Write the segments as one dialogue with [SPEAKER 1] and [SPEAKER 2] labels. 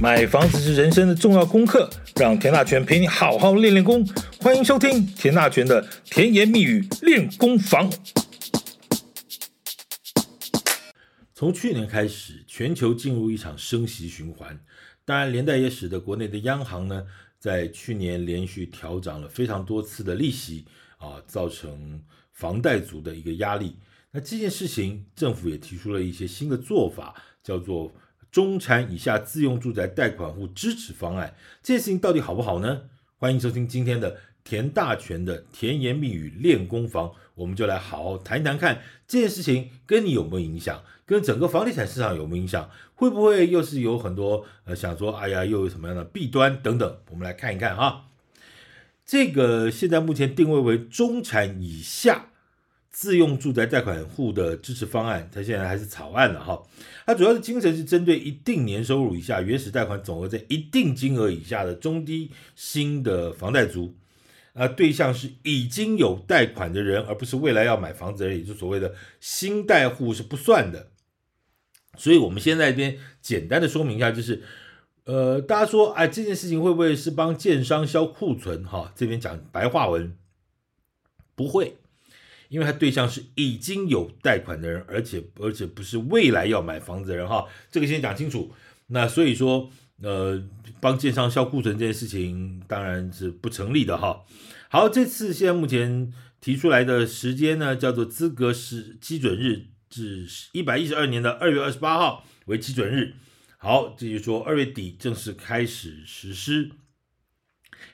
[SPEAKER 1] 買房子是人生的重要功課，讓田大全陪你好好練練功。歡迎收聽田大全的甜言蜜語練功房。從去年開始，全球進入一場升息循環，當然連帶也使得國內的央行呢，在去年連續調漲了非常多次的利息啊、呃，造成房貸族的一個壓力。那這件事情，政府也提出了一些新的做法，叫做。中產以下自用住宅貸款戶支持方案，這件事情到底好不好呢？歡迎收聽今天的田大全的甜言蜜語練功房，我們就來好好談一談看這件事情跟你有沒有影響，跟整個房地產市場有沒有影響，會不會又是有很多呃想說，哎呀，又有什麼樣的弊端等等，我們來看一看啊。這個現在目前定位為中產以下。自用住宅貸款戶的支持方案，它現在還是草案了哈。它主要的精神是針對一定年收入以下、原始貸款總額在一定金額以下的中低薪的房貸族，啊，對象是已經有貸款的人，而不是未來要買房子的人，也就是所謂的新貸戶是不算的。所以我們現在這邊簡單的說明一下，就是，呃，大家說啊，這件事情會不會是幫建商消庫存？哈，這邊講白話文，不會。因為他對象是已經有貸款的人，而且而且不是未來要買房子的人哈，這個先講清楚。那所以說，呃，幫建商銷庫存這件事情當然是不成立的哈。好，這次現在目前提出來的時間呢，叫做資格是基準日至一百一十二年的二月二十八號為基準日。好，這就說二月底正式開始實施，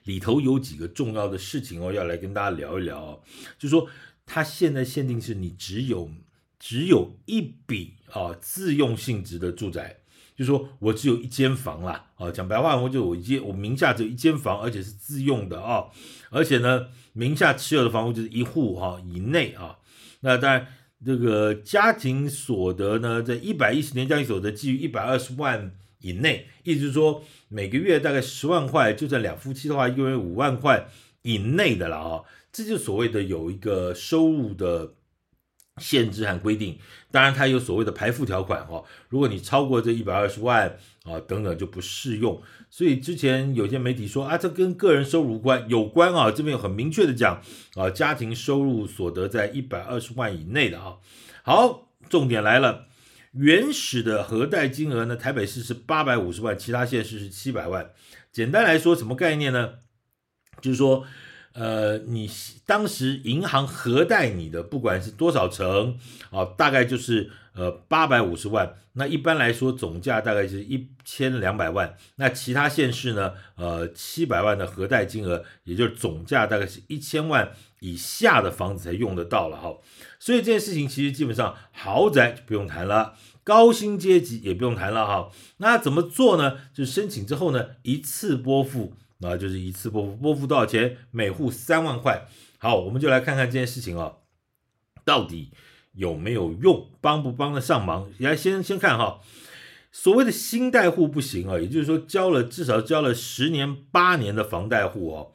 [SPEAKER 1] 裡頭有幾個重要的事情哦，要來跟大家聊一聊，就說。它現在限定是你只有只有一筆啊、哦、自用性質的住宅，就說我只有一間房啦啊、哦，講白話我就我一間我名下只有一間房，而且是自用的啊、哦，而且呢名下持有的房屋就是一戶哈、哦、以內啊、哦，那當然這個家庭所得呢，在一百一十年家庭所得基於一百二十萬以內，意思是說每個月大概十萬塊，就算兩夫妻的話，一個月五萬塊。以內的了啊、哦，這就所謂的有一個收入的限制和規定，當然它有所謂的排富條款哦，如果你超過這一百二十萬啊等等就不適用。所以之前有些媒體說啊，這跟個人收入關有關啊，這邊有很明確的講啊，家庭收入所得在一百二十萬以內的啊。好，重點來了，原始的核貸金額呢，台北市是八百五十萬，其他縣市是七百萬。簡單來說，什麼概念呢？就是說，呃，你當時銀行核貸你的，不管是多少成，啊，大概就是呃八百五十萬，那一般來說總價大概就是一千兩百萬。那其他縣市呢，呃，七百萬的核貸金額，也就是總價大概是一千萬以下的房子才用得到了哈。所以這件事情其實基本上豪宅就不用談了，高薪階級也不用談了哈。那怎麼做呢？就是申請之後呢，一次撥付。啊，就是一次撥付撥付多少錢？每戶三萬塊。好，我們就來看看這件事情啊、哦，到底有沒有用，幫不幫得上忙？來，先先看哈，所謂的新貸戶不行啊，也就是說交了至少交了十年八年的房貸戶哦。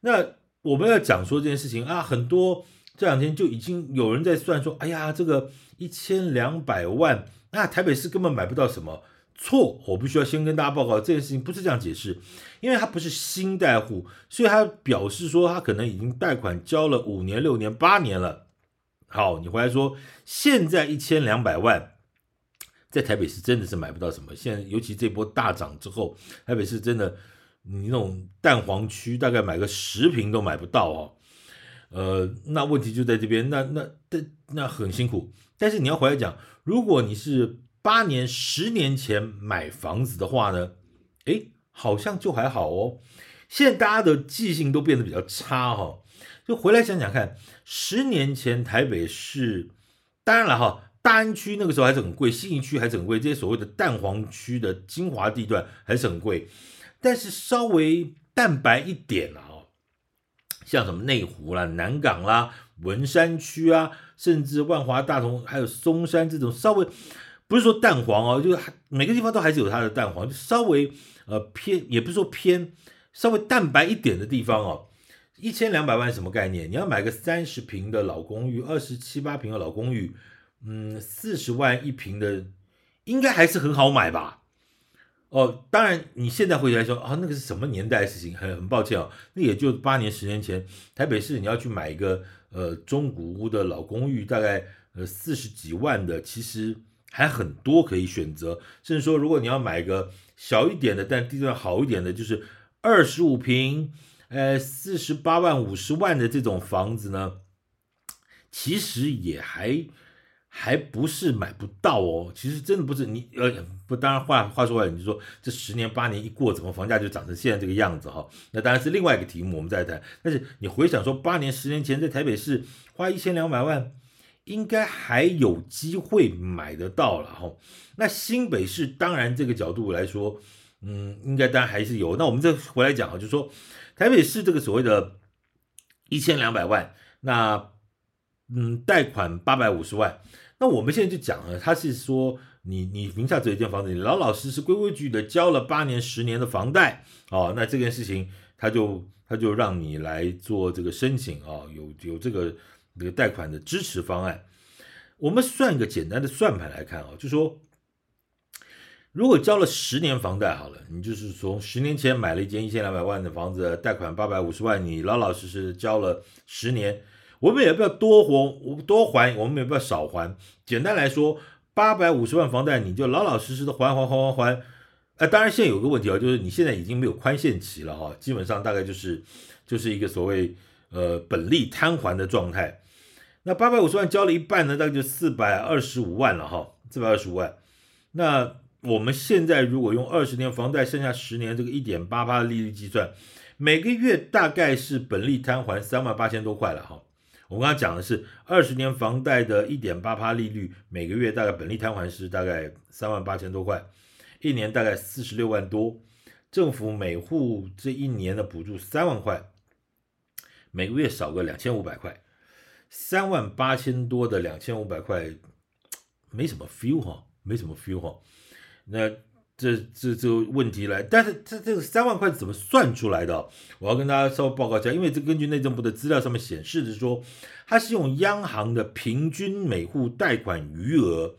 [SPEAKER 1] 那我們要講說這件事情啊，很多這兩天就已經有人在算說，哎呀，這個一千兩百萬，那、啊、台北市根本買不到什麼。錯，我必須要先跟大家報告這件、個、事情不是這樣解釋，因為他不是新貸戶，所以他表示說他可能已經貸款交了五年、六年、八年了。好，你回來說現在一千兩百萬，在台北市真的是買不到什麼。現在尤其這波大漲之後，台北市真的你那種蛋黃區大概買個十坪都買不到哦。呃，那問題就在這邊，那那那，那很辛苦，但是你要回來講，如果你是。八年十年前買房子的話呢，哎，好像就還好哦。現在大家的記性都變得比較差哦。就回來想想看，十年前台北市，當然了哈，大安區那個時候還是很貴，信義區還是很貴，這些所謂的蛋黃區的精華地段還是很貴，但是稍微蛋白一點啊。哦，像什麼內湖啦、南港啦、文山區啊，甚至萬華、大同還有松山這種稍微。不是說蛋黃哦，就是每個地方都還是有它的蛋黃，就稍微呃偏，也不是說偏，稍微蛋白一點的地方哦。一千兩百萬是什麼概念？你要買個三十坪的老公寓，二十七八坪的老公寓，嗯，四十萬一坪的，應該還是很好買吧？哦，當然，你現在回來說啊，哦，那個是什麼年代的事情？很很抱歉哦，那也就八年十年前，台北市你要去買一個呃中古屋的老公寓，大概呃四十幾萬的，其實。還很多可以選擇，甚至說，如果你要買個小一點的，但地段好一點的，就是二十五平，呃，四十八萬、五十萬的這種房子呢，其實也還還不是買不到哦。其實真的不是你，呃，不，當然話話說回來，你就說這十年八年一過，怎麼房價就漲成現在這個樣子哈、哦？那當然是另外一個題目，我們再談。但是你回想說，八年、十年前在台北市花一千兩百萬。應該還有機會買得到了哈，那新北市當然這個角度來說，嗯，應該當然還是有。那我們再回來講啊，就是說台北市這個所謂的，一千兩百萬，那嗯，貸款八百五十萬，那我們現在就講了，他是說你你名下這一間房子，你老老實實規規矩矩的交了八年十年的房貸啊、哦，那這件事情他就他就讓你來做這個申請啊、哦，有有這個。這個貸款的支持方案，我們算個簡單的算盤來看啊，就說如果交了十年房貸好了，你就是從十年前買了一間一千兩百萬的房子，貸款八百五十萬，你老老實實交了十年，我們也不要多還，我多還，我們也不要少還。簡單來說，八百五十萬房貸你就老老實實的還還還還還，還。哎，當然現在有個問題啊，就是你現在已經沒有寬限期了哈，基本上大概就是就是一個所謂呃本利攤還的狀態。那八百五十萬交了一半呢，大概就四百二十五萬了哈，四百二十五萬。那我們現在如果用二十年房貸，剩下十年這個一點八八的利率計算，每個月大概是本利攤還三萬八千多塊了哈。我剛剛講的是二十年房貸的一點八八利率，每個月大概本利攤還是大概三萬八千多塊，一年大概四十六萬多。政府每戶這一年的補助三萬塊，每個月少個兩千五百塊。三萬八千多的兩千五百塊，沒什麼 feel 哈，沒什麼 feel 哈。那這這這問題來，但是這這個三萬塊是怎麼算出來的？我要跟大家稍微報告一下，因為這根據內政部的資料上面顯示的說，它是用央行的平均每戶貸款餘額，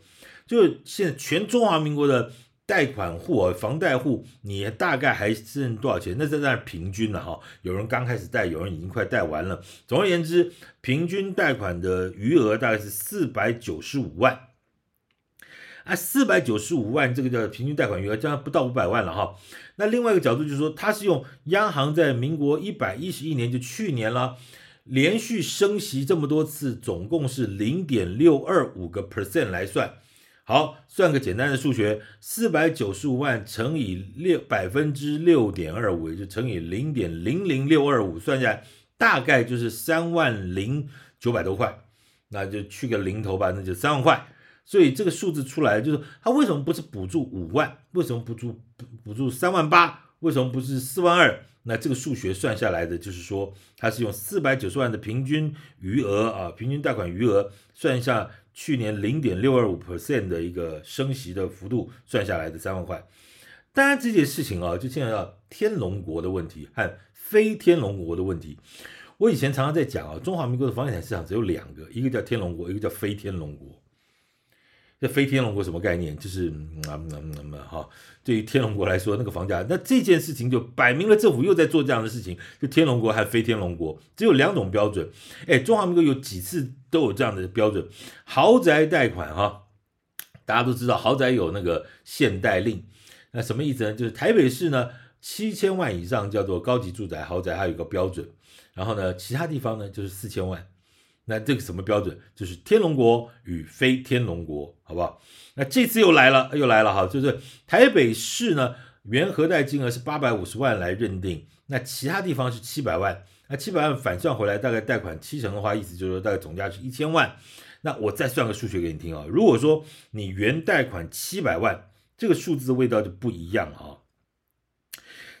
[SPEAKER 1] 就現在全中華民國的。貸款戶，房貸戶，你大概還剩多少錢？那在那平均了哈，有人剛開始貸，有人已經快貸完了。總而言之，平均貸款的餘額大概是四百九十五萬啊，四百九十五萬，這個叫平均貸款餘額，將近不到五百萬了哈。那另外一個角度就是說，它是用央行在民國一百一十一年，就去年了，連續升息這麼多次，總共是零點六二五個 percent 來算。好，算個簡單的數學，四百九十五萬乘以六百分之六點二五，也就乘以零點零零六二五，算下來大概就是三萬零九百多塊，那就去個零頭吧，那就三萬塊。所以這個數字出來，就是它為什麼不是補助五萬？為什麼補助補補助三萬八？為什麼不是四萬二？那這個數學算下來的就是說，它是用四百九十萬的平均餘額啊，平均貸款餘額算一下去年零點六二五 percent 的一個升息的幅度算下來的三萬塊。當然這件事情啊，就牽扯到天龍國的問題和非天龍國的問題。我以前常常在講啊，中華民國的房地產市場只有兩個，一個叫天龍國，一個叫非天龍國。這非天龍國什麼概念？就是啊，那、嗯、麼、嗯嗯、好。對於天龍國來說，那個房價，那這件事情就擺明了政府又在做這樣的事情。就天龍國還非天龍國，只有兩種標準。哎，中華民國有幾次都有這樣的標準，豪宅貸款哈，大家都知道，豪宅有那個限貸令。那什麼意思呢？就是台北市呢七千萬以上叫做高級住宅豪宅，還有一個標準。然後呢，其他地方呢就是四千萬。那這個什麼標準？就是天龍國與非天龍國，好不好？那這次又來了，又來了哈！就是台北市呢，原核貸金額是八百五十萬來認定，那其他地方是七百萬，那七百萬反算回來大概貸款七成的話，意思就是說大概總價是一千萬。那我再算個數學給你聽啊，如果說你原貸款七百萬，這個數字的味道就不一樣哈。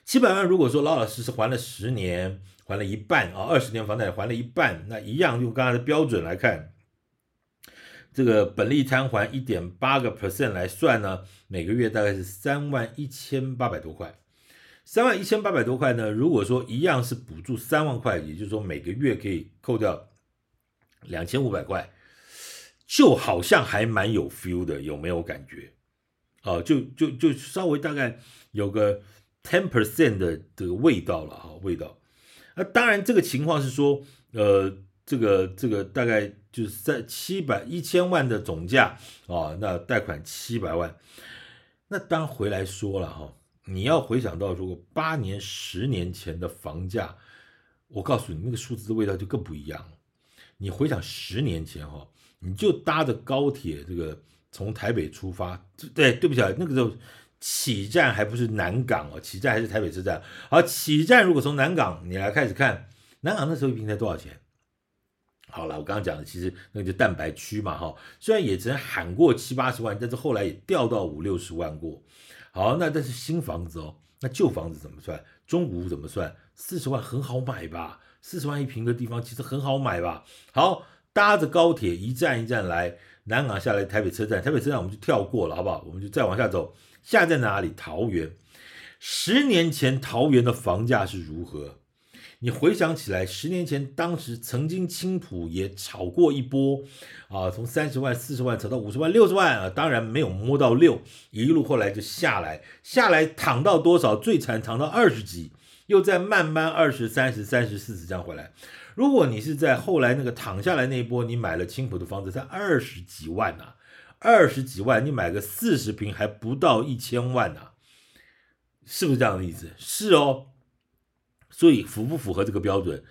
[SPEAKER 1] 七百萬如果說老老實實還了十年。還了一半啊，二十年房貸還了一半，那一樣用剛才的標準來看，這個本利攤還一點八個 percent 來算呢，每個月大概是三萬一千八百多塊。三萬一千八百多塊呢，如果說一樣是補助三萬塊，也就是說每個月可以扣掉兩千五百塊，就好像還蠻有 feel 的，有沒有感覺？啊，就就就稍微大概有個 ten percent 的這個味道了哈，味道。那、啊、當然，這個情況是說，呃，這個這個大概就是在七百一千萬的總價啊、哦，那貸款七百萬。那當回來說了哈、哦，你要回想到如果八年十年前的房價，我告訴你那個數字的味道就更不一樣。你回想十年前哈、哦，你就搭着高鐵這個從台北出發，對、哎，對不起啊，那個時候。起站還不是南港哦，起站還是台北車站。好，起站如果從南港你來開始看，南港那時候一坪才多少錢？好了，我剛剛講的其實那個就蛋白區嘛哈，雖然也曾喊過七八十萬，但是後來也掉到五六十萬過。好，那但是新房子哦，那舊房子怎麼算？中古怎麼算？四十萬很好買吧？四十萬一坪的地方其實很好買吧？好，搭着高鐵一站一站來。南港下來台北車站，台北車站我們就跳過了，好不好？我們就再往下走，下在哪裡？桃園。十年前桃園的房價是如何？你回想起來，十年前當時曾經青埔也炒過一波，啊，從三十萬、四十萬炒到五十萬、六十萬啊，當然沒有摸到六，一路後來就下來，下來躺到多少？最慘躺到二十幾，又再慢慢二十、三十、三十、四十這樣回來。如果你是在後來那個躺下來那一波，你買了青埔的房子才二十幾萬吶、啊，二十幾萬你買個四十坪還不到一千萬吶、啊，是不是這樣的意思？是哦，所以符不符合這個標準？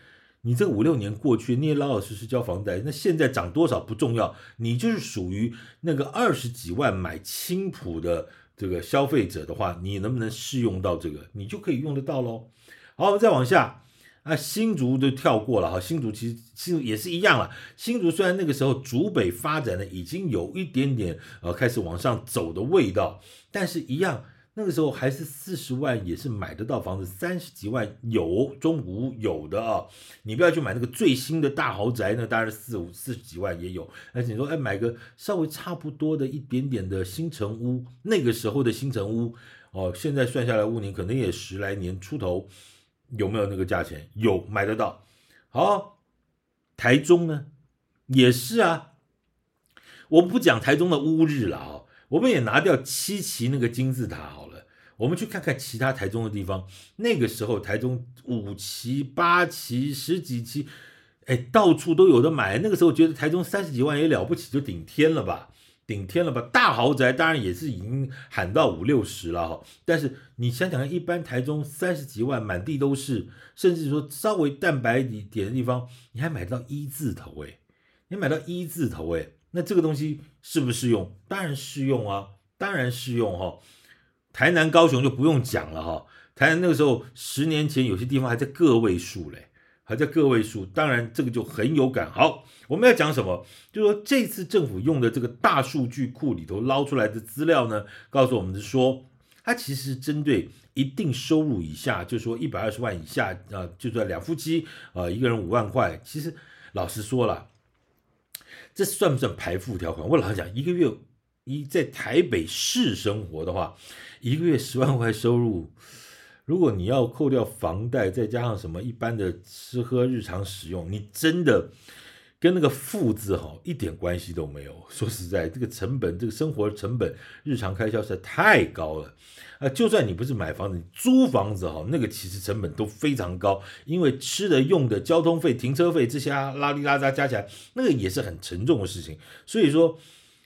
[SPEAKER 1] 你這五六年過去，你也老老實實交房貸，那現在漲多少不重要，你就是屬於那個二十幾萬買青埔的這個消費者的話，你能不能適用到這個？你就可以用得到嘍。好，我們再往下。啊，新竹就跳過了哈，新竹其實其實也是一樣了。新竹雖然那個時候竹北發展的已經有一點點呃開始往上走的味道，但是一樣那個時候還是四十萬也是買得到房子，三十幾萬有中古屋有的啊。你不要去買那個最新的大豪宅呢，當然四五、四十幾萬也有。而且你說哎、呃，買個稍微差不多的一點點的新成屋，那個時候的新成屋哦、呃，現在算下來屋齡可能也十來年出頭。有沒有那個價錢？有，買得到。好、哦，台中呢？也是啊。我們不講台中的烏日了啊、哦，我們也拿掉七期那個金字塔好了。我們去看看其他台中的地方。那個時候台中五期、八期、十幾期，哎，到處都有的買。那個時候覺得台中三十幾萬也了不起，就頂天了吧。頂天了吧？大豪宅當然也是已經喊到五六十了哈。但是你想想看，一般台中三十幾萬滿地都是，甚至說稍微蛋白一點的地方，你還買得到一字頭誒，你買到一字頭誒，那這個東西適不適用？當然適用啊，當然適用哈。台南高雄就不用講了哈。台南那個時候十年前有些地方還在個位數嘞。還在個位數，當然這個就很有感。好，我們要講什麼？就說這次政府用的這個大數據庫裡頭撈出來的資料呢，告訴我們是說，它其實是針對一定收入以下，就說一百二十萬以下，啊、呃，就算兩夫妻，啊、呃，一個人五萬塊。其實老實說了，這算不算排富條款？我老實講，一個月一在台北市生活的話，一個月十萬塊收入。如果你要扣掉房貸，再加上什麼一般的吃喝日常使用，你真的跟那個富字哈一點關係都沒有。說實在，這個成本，這個生活成本，日常開銷實在太高了。啊、呃，就算你不是買房子，你租房子哈，那個其實成本都非常高，因為吃的、用的、交通費、停車費這些、啊、拉里拉雜，加起來，那個也是很沉重的事情。所以說。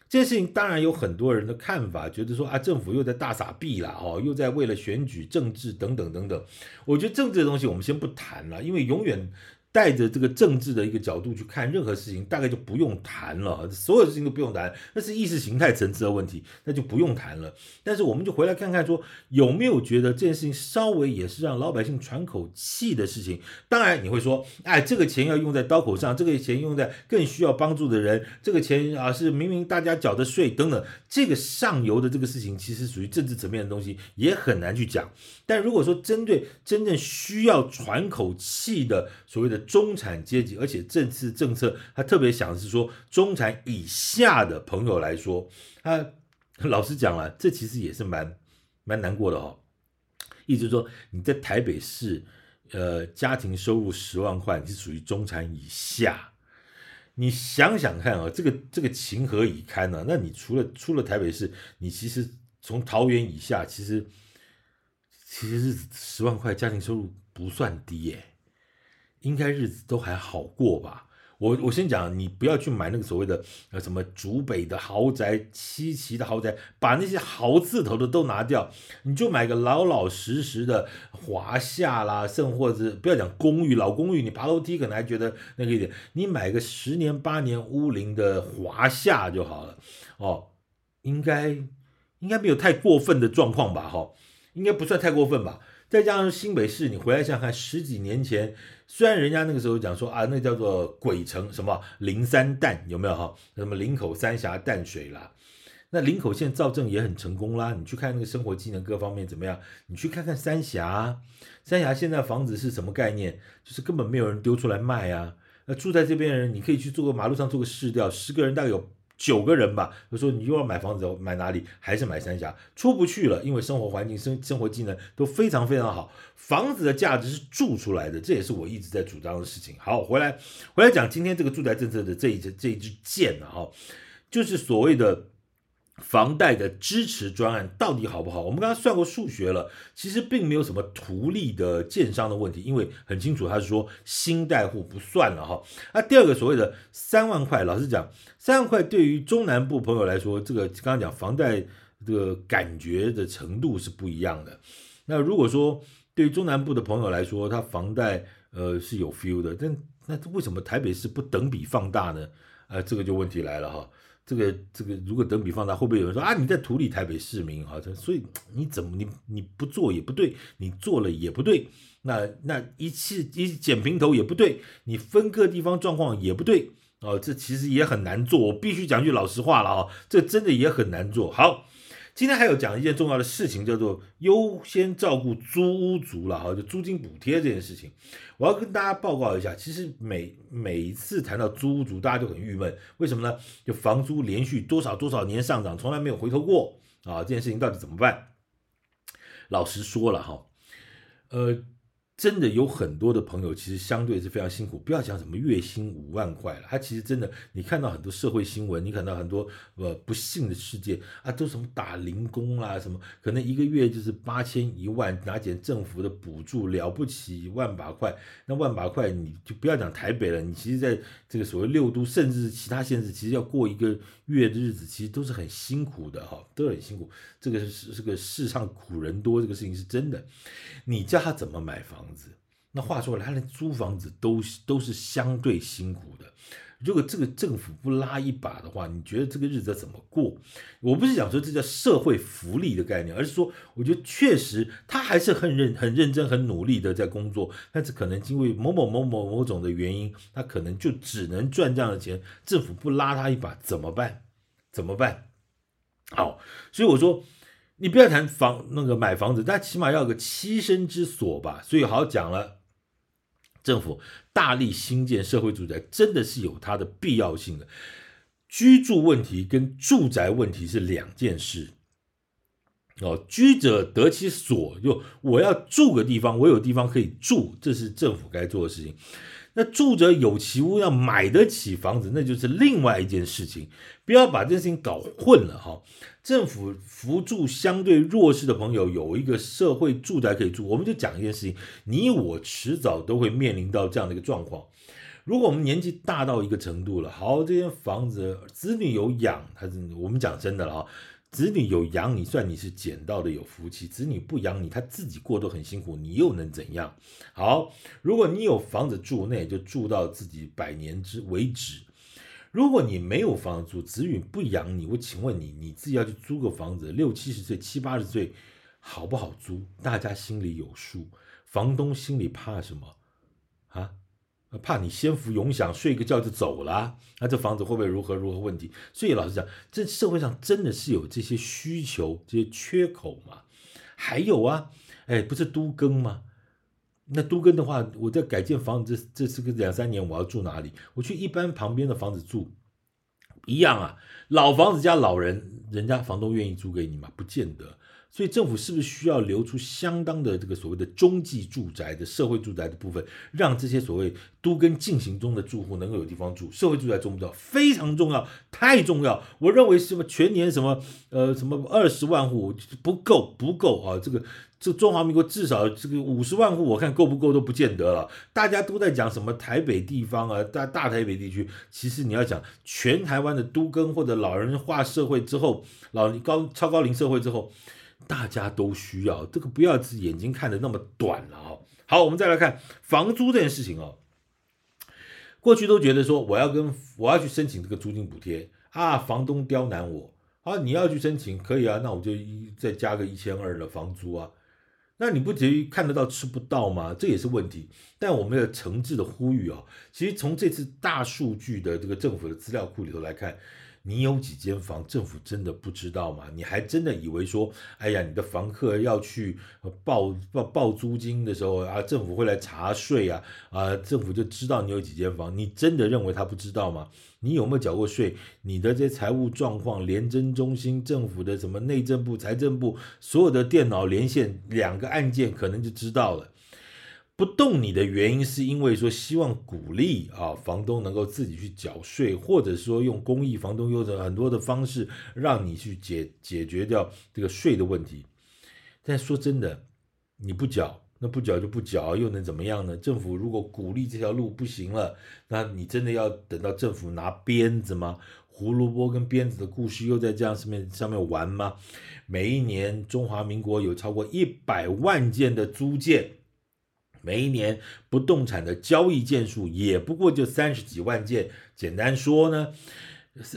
[SPEAKER 1] 這件事情當然有很多人的看法，覺得說啊，政府又在大撒幣了，哦，又在為了選舉政治等等等等。我覺得政治的東西我們先不談了，因為永遠。帶着這個政治的一個角度去看任何事情，大概就不用談了，所有事情都不用談，那是意識形態層次的問題，那就不用談了。但是我們就回來看看，說有沒有覺得這件事情稍微也是讓老百姓喘口氣的事情？當然你會說，哎，這個錢要用在刀口上，這個錢用在更需要幫助的人，這個錢啊是明明大家繳的稅等等，這個上游的這個事情其實屬於政治層面的東西，也很難去講。但如果說針對真正需要喘口氣的所謂的，中產階級，而且這次政策，他特別想的是說，中產以下的朋友來說，他老實講了，這其實也是蠻蠻難過的哦。意思是說，你在台北市，呃，家庭收入十萬塊，你是屬於中產以下。你想想看啊、哦，這個這個情何以堪呢、啊？那你除了出了台北市，你其實從桃園以下，其實其實是十萬塊家庭收入不算低誒。應該日子都還好過吧？我我先講，你不要去買那個所謂的呃什麼竹北的豪宅，七期的豪宅，把那些“豪”字頭的都拿掉，你就買個老老實實的華廈啦，甚或是不要講公寓老公寓，你爬樓梯可能還覺得那個一點，你買個十年八年屋齡的華廈就好了哦，應該應該沒有太過分的狀況吧？哈、哦，應該不算太過分吧？再加上新北市，你回來想想看，十幾年前，雖然人家那個時候講說啊，那叫做鬼城，什麼林三淡有沒有哈？什麼林口、三峽、淡水啦，那林口現在造鎮也很成功啦。你去看那個生活機能各方面怎麼樣？你去看看三峽，三峽現在房子是什麼概念？就是根本沒有人丟出來賣啊。那住在這邊的人，你可以去做個馬路上做個市調，十個人大概有。九個人吧，就說你又要買房子，買哪裡？還是買三峽？出不去了，因為生活環境、生生活機能都非常非常好。房子的價值是住出來的，這也是我一直在主張的事情。好，回來回來講今天這個住宅政策的這一支這一支箭啊，哈，就是所謂的。房貸的支持專案到底好不好？我們剛剛算過數學了，其實並沒有什麼圖利的建商的問題，因為很清楚他是說新貸戶不算了哈。那、啊、第二個所謂的三萬塊，老實講，三萬塊對於中南部朋友來說，這個剛剛講房貸這個感覺的程度是不一樣的。那如果說對於中南部的朋友來說，他房貸呃是有 feel 的，但那為什麼台北市不等比放大呢？呃，這個就問題來了哈。這個這個，這個、如果等比放大，會不會有人說啊？你在圖利台北市民啊，所以你怎麼你你不做也不對，你做了也不對，那那一次一剪平頭也不對，你分各地方狀況也不對哦，這其實也很難做。我必須講句老實話了啊、哦，這真的也很難做。好。今天還有講一件重要的事情，叫做優先照顧租屋族了哈，就租金補貼這件事情，我要跟大家報告一下。其實每每一次談到租屋族，大家就很鬱悶，為什麼呢？就房租連續多少多少年上漲，從來沒有回頭過啊！這件事情到底怎麼辦？老實說了哈，呃。真的有很多的朋友，其實相對是非常辛苦。不要講什麼月薪五萬塊了，他其實真的，你看到很多社會新聞，你看到很多呃不幸的事件啊，都什麼打零工啦、啊，什麼可能一個月就是八千一萬，拿點政府的補助，了不起萬把塊。那萬把塊，你就不要講台北了，你其實在這個所謂六都，甚至是其他縣市，其實要過一個月的日子其實都是很辛苦的哈，都很辛苦。這個是這個世上苦人多，這個事情是真的。你叫他怎麼買房子？那話說回來，他連租房子都都是相對辛苦的。如果這個政府不拉一把的話，你覺得這個日子怎麼過？我不是想說這叫社會福利的概念，而是說，我覺得確實他還是很認、很認真、很努力的在工作，但是可能因為某某某某某種的原因，他可能就只能賺這樣的錢。政府不拉他一把怎麼辦？怎麼辦？好，所以我說，你不要談房，那個買房子，但起碼要有個棲身之所吧，所以好講了。政府大力興建社會住宅，真的是有它的必要性的。居住問題跟住宅問題是兩件事。哦，居者得其所，就我要住個地方，我有地方可以住，這是政府該做的事情。那住者有其屋，要買得起房子，那就是另外一件事情，不要把這件事情搞混了哈。政府扶助相對弱勢的朋友，有一個社會住宅可以住。我們就講一件事情，你我遲早都會面臨到這樣的一個狀況。如果我們年紀大到一個程度了，好，這間房子子女有養，還是我們講真的了哈。子女有養你，算你是撿到的有福氣；子女不養你，他自己過得很辛苦，你又能怎樣？好，如果你有房子住，那也就住到自己百年之為止。如果你沒有房子住，子女不養你，我請問你，你自己要去租個房子，六七十歲、七八十歲，好不好租？大家心裡有數，房東心裡怕什麼？怕你先福永享，睡個覺就走了，啊，那這房子會不會如何如何問題？所以老實講，這社會上真的是有這些需求，這些缺口嘛？還有啊，哎，不是都更嗎？那都更的話，我在改建房子，這這是個兩三年我要住哪裡？我去一般旁邊的房子住。一樣啊，老房子加老人，人家房東願意租給你嗎？不見得。所以政府是不是需要留出相當的這個所謂的中繼住宅的社會住宅的部分，讓這些所謂都跟進行中的住戶能夠有地方住？社會住宅重不重要？非常重要，太重要。我認為什麼全年什麼呃什麼二十萬戶不夠，不夠啊，這個。這中華民國至少這個五十萬戶，我看夠不夠都不見得了。大家都在講什麼台北地方啊，大大台北地區。其實你要講全台灣的都更或者老人化社會之後，老高超高齡社會之後，大家都需要這個，不要眼睛看得那麼短了。好，我們再來看房租這件事情哦。過去都覺得說我要跟我要去申請這個租金補貼啊，房東刁難我啊，你要去申請可以啊，那我就一再加個一千二的房租啊。那你不至於看得到吃不到嗎？這也是問題。但我們要誠摯的呼籲哦，其實從這次大數據的這個政府的資料庫裡頭來看。你有幾間房？政府真的不知道嗎？你還真的以為說，哎呀，你的房客要去報報報租金的時候啊，政府會來查稅啊，啊，政府就知道你有幾間房。你真的認為他不知道嗎？你有沒有繳過稅？你的這些財務狀況，聯徵中心、政府的什麼內政部、財政部，所有的電腦連線，兩個按鍵可能就知道了。不動你的原因是因為說，希望鼓勵啊，房東能夠自己去繳稅，或者說用公益房東有的很多的方式讓你去解解決掉這個稅的問題。但說真的，你不繳，那不繳就不繳，又能怎麼樣呢？政府如果鼓勵這條路不行了，那你真的要等到政府拿鞭子嗎？胡蘿蔔跟鞭子的故事又在這樣上面上面玩嗎？每一年中華民國有超過一百萬件的租借。每一年不動產的交易件數也不過就三十幾萬件，簡單說呢。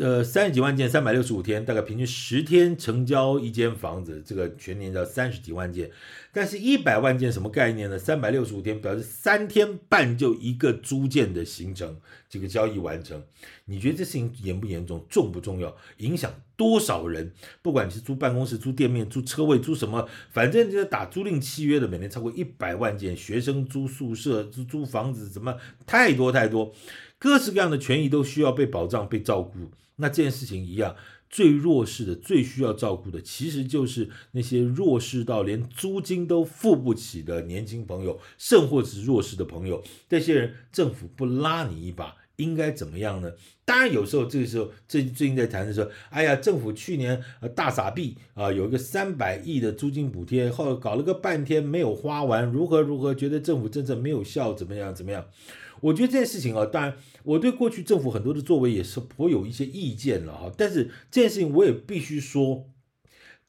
[SPEAKER 1] 呃，三十幾萬件，三百六十五天，大概平均十天成交一間房子，這個全年叫三十幾萬件。但是，一百萬件什麼概念呢？三百六十五天，表示三天半就一個租件的形成，這個交易完成。你覺得這事情嚴不嚴重，重不重要？影響多少人？不管你是租辦公室、租店面、租車位、租什麼，反正就是打租賃契約的，每年超過一百萬件。學生租宿舍、租租房子，怎麼太多太多？太多各式各樣的權益都需要被保障，被照顧。那這件事情一樣，最弱勢的、最需要照顧的，其實就是那些弱勢到連租金都付不起的年輕朋友，甚或是弱勢的朋友。這些人，政府不拉你一把，應該怎麼樣呢？當然，有時候這個時候，最最近在談的時候，哎呀，政府去年、呃、大撒幣啊，有一個三百億的租金補貼，後來搞了個半天沒有花完，如何如何，覺得政府政策沒有效，怎麼樣怎麼樣。我覺得這件事情啊，當然我對過去政府很多的作為也是頗有一些意見了哈。但是這件事情我也必須說，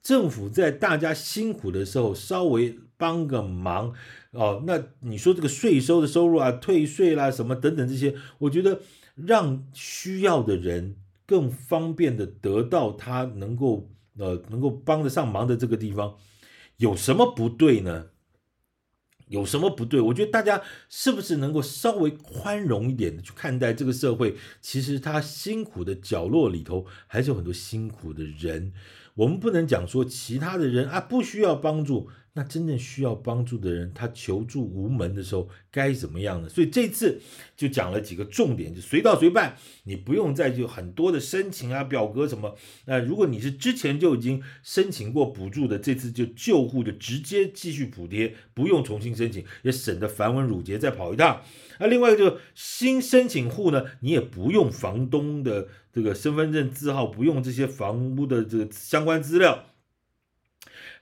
[SPEAKER 1] 政府在大家辛苦的時候稍微幫個忙哦。那你說這個稅收的收入啊、退稅啦、啊、什麼等等這些，我覺得讓需要的人更方便的得到他能夠呃能夠幫得上忙的這個地方，有什麼不對呢？有什麼不對？我覺得大家是不是能夠稍微寬容一點的去看待這個社會？其實他辛苦的角落裡頭還是有很多辛苦的人，我們不能講說其他的人啊，不需要幫助。那真正需要幫助的人，他求助無門的時候該怎麼樣呢？所以這次就講了幾個重點，就隨到隨辦，你不用再去很多的申請啊、表格什麼。那、呃、如果你是之前就已經申請過補助的，這次就舊戶就直接繼續補貼，不用重新申請，也省得繁文縟節再跑一趟。那、啊、另外一個就新申請戶呢，你也不用房東的這個身份證字號，不用這些房屋的這個相關資料。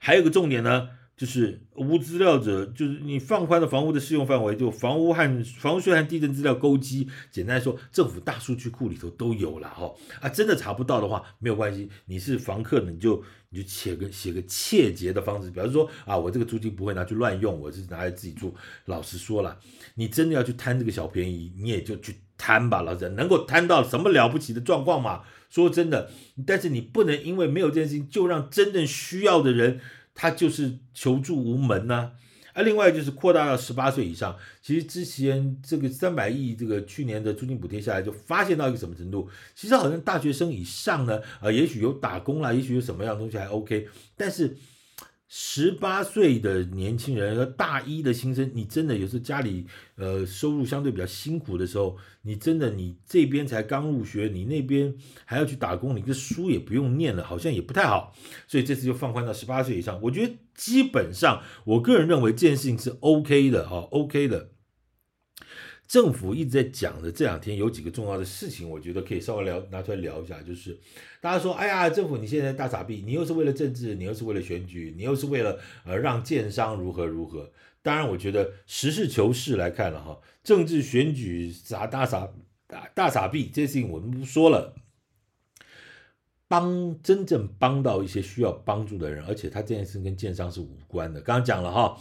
[SPEAKER 1] 還有個重點呢。就是無資料者，就是你放寬了房屋的適用範圍，就房屋和房屋稅、和地震資料勾稽。簡單說，政府大數據庫裡頭都有了哈、哦。啊，真的查不到的話，沒有關係。你是房客，你就你就寫個寫個切結的方式，比方說啊，我這個租金不會拿去亂用，我是拿來自己住。老實說了，你真的要去貪這個小便宜，你也就去貪吧。老實講，能夠貪到什麼了不起的狀況嘛？說真的，但是你不能因為沒有這件事情，就讓真正需要的人。他就是求助無門呢，啊，另外就是擴大到十八歲以上。其實之前這個三百億這個去年的租金補貼下來，就發現到一個什麼程度，其實好像大學生以上呢，啊、呃，也許有打工啦，也許有什麼樣的東西還 OK，但是。十八歲的年輕人，大一的新生，你真的有時候家裡呃收入相對比較辛苦的時候，你真的你這邊才剛入學，你那邊還要去打工，你這書也不用念了，好像也不太好，所以這次就放寬到十八歲以上，我覺得基本上我個人認為這件事情是 OK 的啊、哦、OK 的。政府一直在講的這兩天有幾個重要的事情，我覺得可以稍微聊拿出來聊一下，就是大家說，哎呀，政府你現在大撒幣，你又是為了政治，你又是為了選舉，你又是為了呃讓建商如何如何。當然，我覺得實事求是來看了哈，政治選舉啥大傻大大撒幣，這些事情我們不說了。幫真正幫到一些需要幫助的人，而且他這件事跟建商是無關的。剛剛講了哈。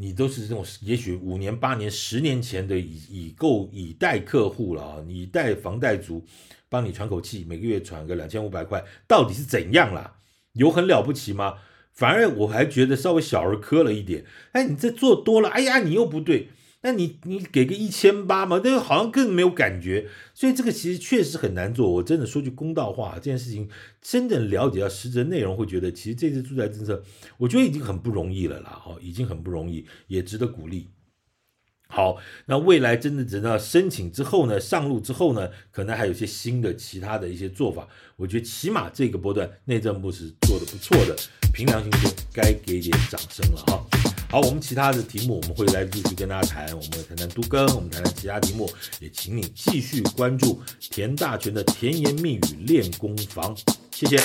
[SPEAKER 1] 你都是這種，也許五年、八年、十年前的已已購已貸客戶了啊，你貸房貸族，幫你喘口氣，每個月喘個兩千五百塊，到底是怎樣啦？有很了不起嗎？反而我還覺得稍微小兒科了一點。哎，你這做多了，哎呀，你又不對。那你你給個一千八嘛，那好像更沒有感覺，所以這個其實確實很難做。我真的說句公道話，這件事情真的了解到實質內容，會覺得其實這次住宅政策，我覺得已經很不容易了啦。哈，已經很不容易，也值得鼓勵。好，那未來真的等到申請之後呢，上路之後呢，可能還有些新的其他的一些做法。我覺得起碼這個波段，內政部是做得不錯的，憑良心說，該給點掌聲了哈。好，我們其他的題目我們會來陸續跟大家談，我們談談都更，我們談談其他題目，也請你繼續關注田大全的甜言蜜語練功房，謝謝。